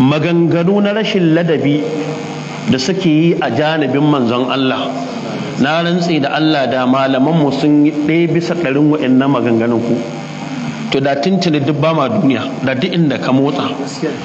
maganganu na rashin ladabi da suke yi a janibin manzon Allah na rantse da Allah da malamanmu sun yi ɗaya bisa ɗarin wa'annan maganganu ku to da tuntuni duk ba ma duniya da duk inda ka motsa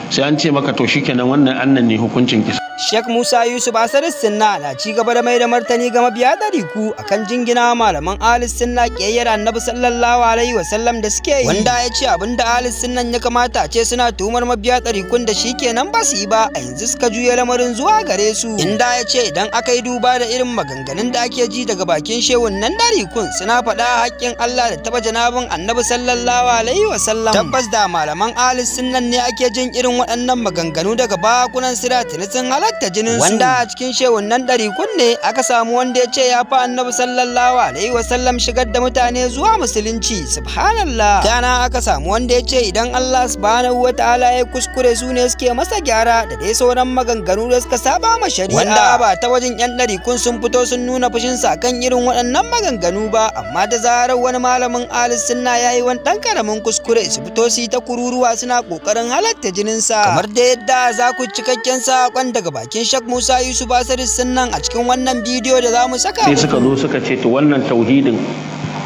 sai an ce maka to shi kenan wannan annan ne hukuncin kisa Sheikh Musa Yusuf Asar Sinna na ci gaba da mai da martani ga mabiya ku akan jingina malaman Ahlus Sunna kiyayyar Annabi sallallahu alaihi wasallam da suke yi. Wanda ya ce abinda Ahlus Sunnan ya kamata ce suna tuhumar mabiya kun da shikenan ba su yi ba a yanzu suka juya lamarin zuwa gare su. Inda ya ce idan aka yi duba da irin maganganun da ake ji daga bakin shehun nan kun suna faɗa haƙƙin Allah da taba janabin Annabi sallallahu alaihi wasallam. Tabbas da malaman ali Sunnan ne ake jin irin waɗannan maganganu daga bakunan sira sun ta jinin su a cikin shehun nan ɗari kunne aka samu wanda ya ce ya fa annabi sallallahu alaihi wasallam shigar da mutane zuwa musulunci subhanallah kana aka samu wanda ya ce idan Allah subhanahu ta'ala ya kuskure su ne suke masa gyara da dai sauran maganganu da suka saba ma shari'a wanda ba ta wajen yan ɗari kun sun fito sun nuna fushin sa kan irin waɗannan maganganu ba amma da zarar wani malamin alis sunna yi wani ɗan karamin kuskure su fito su ta kururuwa suna ƙoƙarin halatta jininsa kamar da yadda za ku cikakken saƙon daga daga bakin Shak Musa Yusuf Asari nan a cikin wannan bidiyo da za mu saka. Sai suka zo suka ce to wannan tauhidin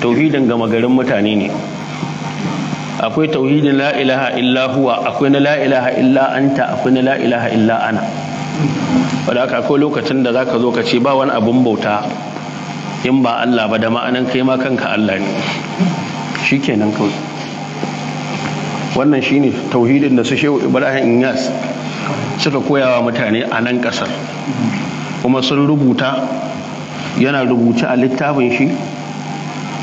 tauhidin gama garin mutane ne. Akwai tauhidin la ilaha illa huwa, akwai na la ilaha illa anta, akwai na la ilaha illa ana. Wanda haka akwai lokacin da zaka zo ka ce ba wani abun bauta in ba Allah ba da ma'anan kai ma kanka Allah ne. Shikenan kawai. Wannan shine tauhidin da su Shehu Ibrahim Yas. suka koyawa mutane a nan ƙasar kuma sun rubuta yana rubuce a littafin shi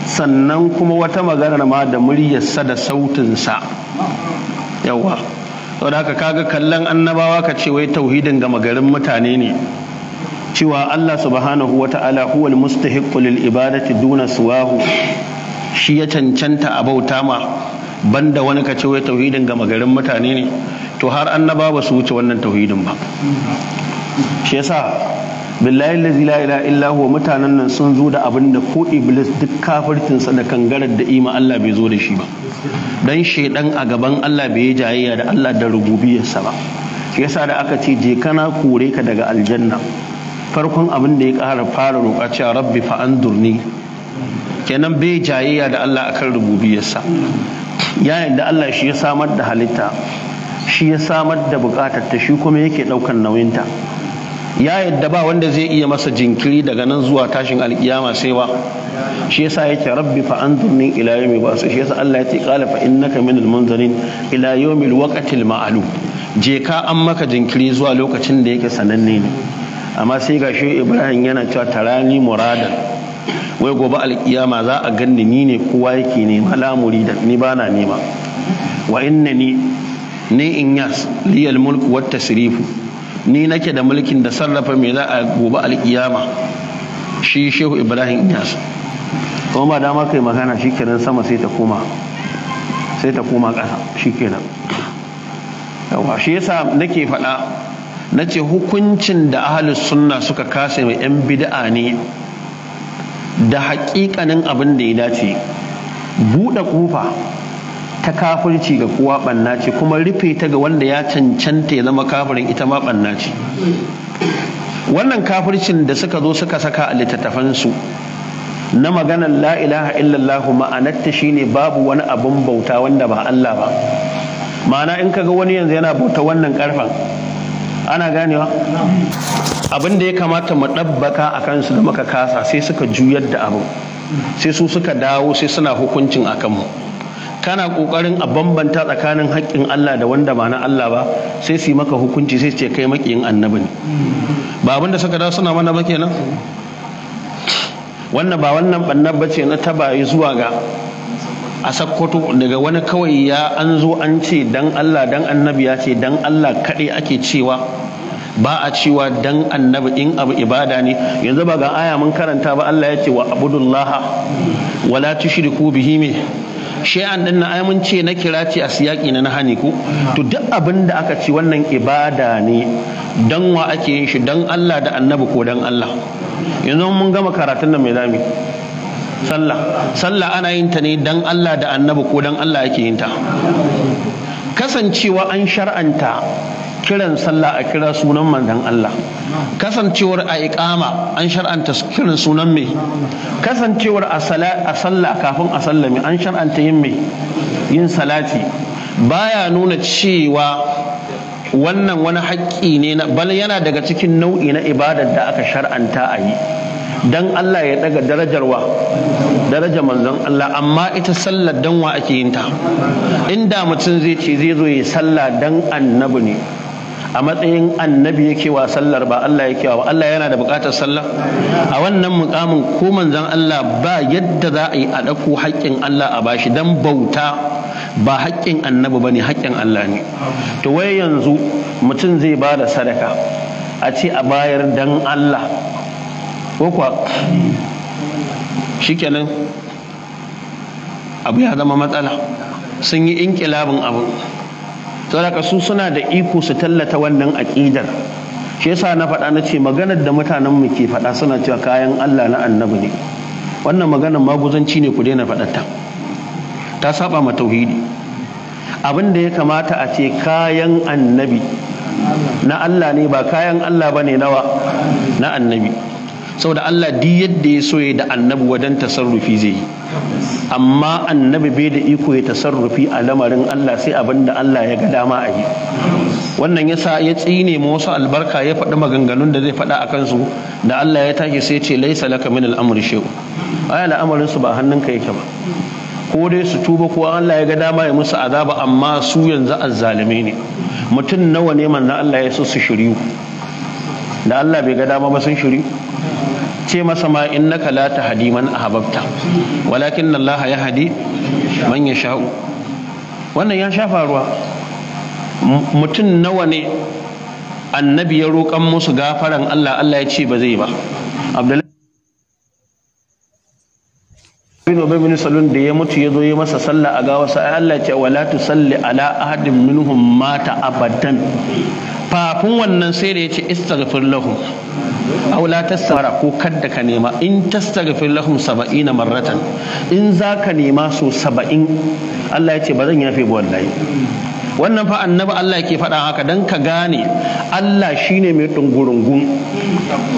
sannan kuma wata maganar ma da muryarsa da sautinsa yawa saboda haka kaga kallon annabawa ka ce wai tauhidin gama garin mutane ne cewa Allah subhanahu wa ta'ala huwal mustahiqqu lil ibadati duna suwahu shi ya cancanta a bauta ma banda wani ka ce wai tauhidin gama garin mutane ne to har annaba ba su wuce wannan tauhidin ba shi yasa billahi lazi la ilaha illa huwa mutanen nan sun zo da abin da ko iblis duk kafirtin sa da garar da ima Allah bai zo da shi ba dan shedan a gaban Allah bai yi jayayya da Allah da sa ba shi yasa da aka ce je kana kore ka daga aljanna farkon abin da ya kara fara roƙa cewa rabbi fa andurni kenan bai jayayya da Allah akan sa ya da Allah shi ya samar da halitta shi ya samar da bukatar ta shi kuma yake daukan nauyinta ya yadda ba wanda zai iya masa jinkiri daga nan zuwa tashin alkiyama sai ba shi yasa yake rabbi fa anzurni ila yawmi ba'su shi yasa Allah ya ce qala fa innaka minal munzirin ila mai wakatin ma'alu je ka an maka jinkiri zuwa lokacin da yake sananne ne amma sai ga shi Ibrahim yana cewa tarani murada wai gobe alkiyama za a ganni ni ne kowa yake ne malamuri da ni bana nema wa innani ni in yas liyal mulku wat tasrifu ni nake da mulkin da sarrafa me za a gobe alkiyama shi shehu ibrahim yas kuma ba dama kai magana shikenan sama sai ta koma sai ta koma ƙasa shikenan yawa shi yasa nake faɗa nace hukuncin da ahalus sunna suka kase mai 'yan bid'a ne da haƙiƙanin abin da ya dace buɗe ƙofa ta kafirci ga kowa banna ce kuma rufe ta ga wanda ya cancanta ya zama kafirin ita ma banna ce wannan kafircin da suka zo suka saka a littattafansu na maganar la ilaha illallah ma'anarta shine babu wani abin bauta wanda ba Allah ba ma'ana in kaga wani yanzu yana bauta wannan karfan ana ganewa abin da ya kamata mu ɗabbaka a kansu da muka kasa sai suka juyar da abu sai su suka dawo sai suna hukuncin a kanmu kana kokarin a bambanta tsakanin haƙƙin Allah da wanda ba na Allah ba sai su yi maka hukunci sai ce kai makiyin annabi ne ba abinda suka dawo suna mana ba kenan wannan ba wannan bannan ba ce na tabayi zuwa ga a sakkwato daga wani kawai ya an zo an ce dan Allah dan annabi ya ce dan Allah kaɗai ake cewa ba a cewa dan annabi in abu ibada ne yanzu ba ga aya mun karanta ba Allah ya ce wa abudullaha wala tushriku bihi me shi'an din na ai mun ce na kira ce a siyaki na nahani ko to duk abin da aka ci wannan ibada ne don wa ake yin shi don Allah da annabi ko don Allah yanzu mun gama karatun nan mai zami sallah sallah ana yin ta ne don Allah da annabi ko don Allah ake yin ta kasancewa an shar'anta kiran sallah a kira sunan manzon Allah kasancewar a iqama an shar'anta kiran sunan mai kasancewar a sallah kafin a sallame an shar'anta yin mai yin salati baya nuna cewa wannan wani haƙƙi ne bal yana daga cikin nau'i na ibadar da aka shar'anta a yi dan Allah ya daga darajar wa daraja manzon Allah amma ita sallar dan wa ake yin ta inda mutum zai ce zai zo ya sallah dan annabi ne a matsayin annabi yake wa sallar ba Allah yake wa Allah yana da buƙatar sallar a wannan mukamin ko manzon Allah ba yadda za a yi a ɗauko haƙƙin Allah a bashi dan bauta ba haƙƙin annabi bane haƙƙin Allah ne to wai yanzu mutum zai ba da sadaka a ce a bayar dan Allah ko kuwa shikenan abu ya zama matsala sun yi inkilabin abu saboda su suna da iko su tallata wannan aƙidar shi yasa na faɗa na ce maganar da mutanen mu ke faɗa suna cewa kayan Allah na annabi ne wannan maganar maguzanci ne ku daina faɗarta. ta ta saba ma tauhidi abin da ya kamata a ce kayan annabi na Allah ne ba kayan Allah bane nawa na annabi saboda Allah di yadda ya so da annabi wajen tasarrufi zai yi amma annabi bai da iko ya tasarrufi a lamarin Allah sai abin da Allah ya ga dama a yi wannan yasa ya tsine wasu albarka ya faɗi maganganun da zai faɗa a kansu da Allah ya tashi sai ce laisa laka min al'amri shay'u aya al'amarin su ba hannunka yake ba ko dai su tuba ko Allah ya ga dama ya musu azaba amma su yanzu azzalime ne mutum nawa ne manzon Allah ya so su shiryu da Allah bai ga dama ba sun shiryu ce masa ma innaka la tahdi man ahbabta walakin Allah ya hadi man sha'u wannan ya sha faruwa mutum nawa ne annabi ya roƙan musu gafaran Allah Allah ya ce ba zai ba Abdullahi bin salun da ya mutu ya zo ya masa sallah a gawa sai Allah ce wala tusalli ala ahadin minhum mata abadan fafin wannan sai da ya ce istaghfir lahum aw la tastaghfara ko kadda ka nema in tastaghfir lahum na marratan in zaka nema so saba'in. Allah ya ce ba zan yafe ba wallahi wannan fa annabi Allah ke faɗa haka dan ka gane Allah shine mai dungurungun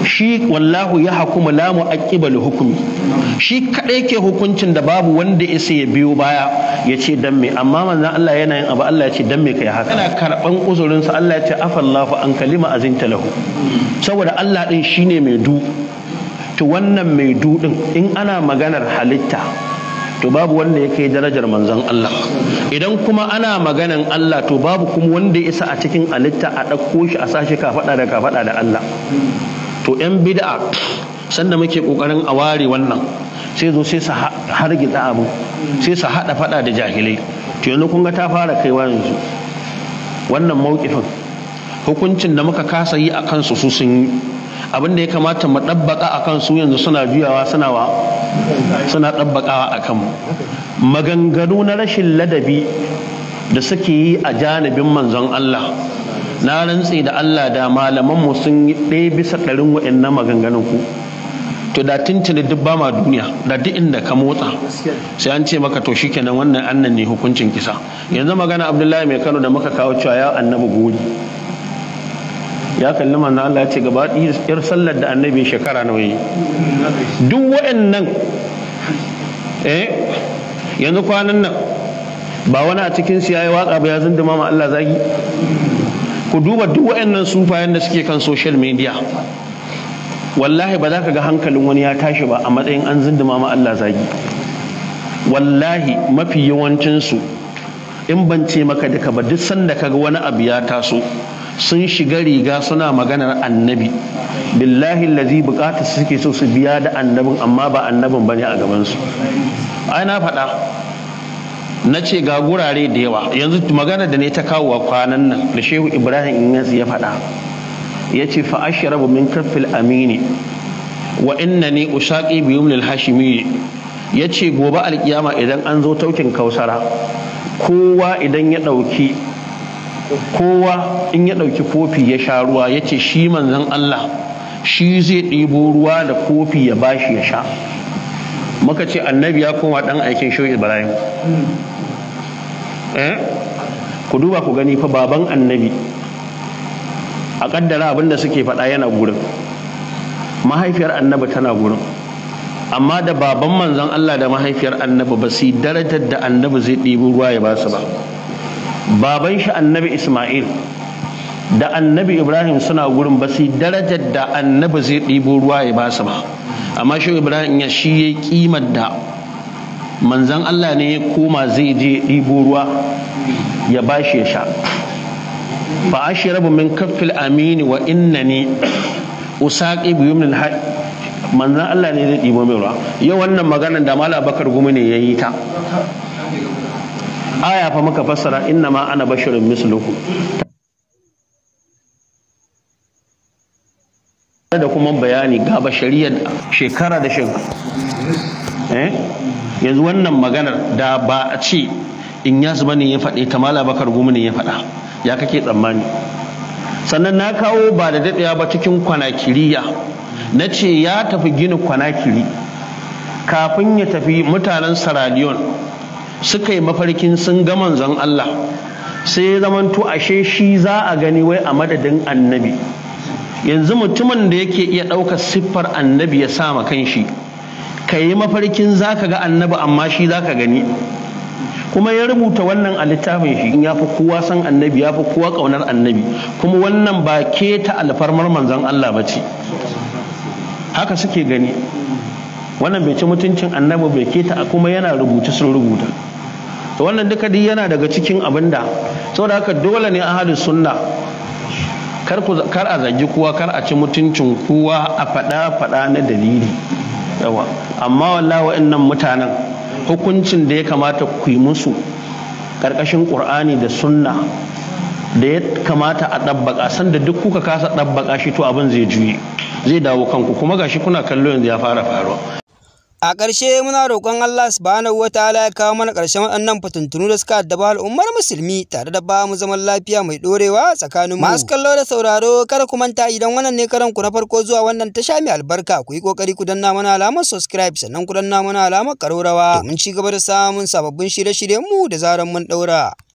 shi wallahu ya hakuma lamu mu'aqqibalu hukumi. shi kadai ke hukuncin da babu wanda ya ya biyo baya ya ce dan me amma manzon Allah yana yin abu Allah ya ce dan me kai haka kana karban uzurin sa Allah ya ce afallahu an kalima azinta lahu saboda Allah din shine mai du to wannan mai du ɗin in ana maganar halitta to babu wanda yake kai darajar manzon Allah idan kuma ana maganan Allah to babu kuma wanda ya isa a cikin alitta a ɗauko shi a sashi kafaɗa da kafaɗa da Allah to 'yan bid'a sanda muke ƙoƙarin a ware wannan sai zo sai su hargitsa abu sai su haɗa faɗa da jahilai to yanzu kun ga ta fara kaiwa yanzu wannan mawkifin hukuncin da muka kasa yi a kansu su sun yi abin da ya kamata mu ɗabbaƙa a kansu yanzu suna juyawa suna wa suna ɗabbaƙawa a kanmu maganganu na rashin ladabi da suke yi a janibin manzon Allah na rantse da Allah da malamanmu sun yi ɗaya bisa ɗarin wa'annan maganganun ku to da tuntuni duk ba ma duniya da duk inda ka motsa sai an ce maka to shikenan wannan annan ne hukuncin kisa yanzu magana Abdullahi mai Kano da muka kawo cewa ya annabi gori ya kalli manzo Allah ya ce gaba ɗiyar sallar da annabi shekara nawa duk wa'annan eh yanzu kwanan nan ba wani a cikin ya yi waka ba ya zindima ma Allah zagi ku duba duk waɗannan sufayen da suke kan social media wallahi ba za ka ga hankalin wani ya tashi ba a matsayin an zindima ma Allah zagi wallahi mafi yawancinsu in ban ce maka duka ba duk sanda ga wani abu ya taso sun shiga riga suna maganar annabi billahi lazi bukatar suke so su biya da annabin amma ba annabin bane a gabansu ai na faɗa na ce ga gurare da yawa yanzu magana da ne ta kawo wa kwanan nan da shehu ibrahim inyas ya faɗa ya ce fa rabu min kafil amini wa ne usaqi bi yumnil hashimi ya ce gobe alkiyama idan an zo taukin kausara kowa idan ya ɗauki kowa in ya ɗauki kofi ya sha ruwa ya ce shi manzan Allah shi zai ɗebo ruwa da kofi ya bashi ya sha muka ce annabi ya koma ɗan aikin shi ibrahim eh? ku duba ku gani fa baban annabi a ƙaddara abin da suke faɗa yana gurin mahaifiyar annabi tana gurin amma da baban manzan Allah da mahaifiyar annabi ba su darajar da annabi zai ɗebo ruwa ya ba su ba baban shi annabi isma'il da annabi ibrahim suna gurin basi su darajar da annabi zai ɗibo ruwa ya basu ba amma shi ibrahim ya shi ya kimar da manzan allah ne ya koma zai je ɗibo ruwa ya ba shi ya sha shi rabu min kafil amini wa innani usaqi bi yumnil hayy manzan allah ne zai ɗibo mai ruwa yau wannan maganar da malabakar bakar gumi ne ya yi ta aya fa muka fassara inna ma ana basharun misluku da kuma bayani ga bashariyar shekara da shekara eh? yanzu wannan maganar da ba a ce in ya zuba ne ya faɗe ta mala bakar gumi ne ya faɗa ya kake tsammani sannan na kawo ba da daɗewa ba cikin kwanakiriya na ce ya tafi gina kwanakiri kafin ya tafi mutanen saraliyon suka yi mafarkin sun ga manzon Allah sai ya zamanto ashe shi za a gani wai a madadin annabi yanzu mutumin da yake iya ɗaukar siffar annabi ya sa sama shi, ka yi mafarkin za ka ga annabi amma shi za ka gani kuma ya rubuta wannan a littafin shi ya fi kowa san annabi ya fi kowa ƙaunar annabi kuma wannan ba keta alfarmar manzon Allah ba ce haka suke gani wannan bai ci mutuncin annabi bai keta a kuma yana rubuta sun rubuta to wannan duka dai yana daga cikin abin da saboda haka dole ne ahli sunna kar kar a zagi kowa kar a ci mutuncin kowa a fada fada na dalili yawa amma wallahi wa'annan mutanen hukuncin da ya kamata ku yi musu karkashin ƙur'ani da sunna da ya kamata a ɗabbaƙa sanda duk kuka kasa ɗabbaƙa shi to abin zai juye zai dawo kanku kuma gashi kuna kallo yanzu ya fara faruwa a ƙarshe muna roƙon Allah subhanahu wa ta'ala ya kawo mana ƙarshen waɗannan fatuntunu da suka addaba al'ummar musulmi tare da ba mu zaman lafiya mai ɗorewa tsakanin mu masu kallo da sauraro kar ku manta idan wannan ne karan ku na farko zuwa wannan ta sha mai albarka ku yi kokari ku danna mana alamar subscribe sannan ku danna mana alamar karorawa domin ci gaba da samun sababbin shirye-shiryen mu da zaran mun ɗaura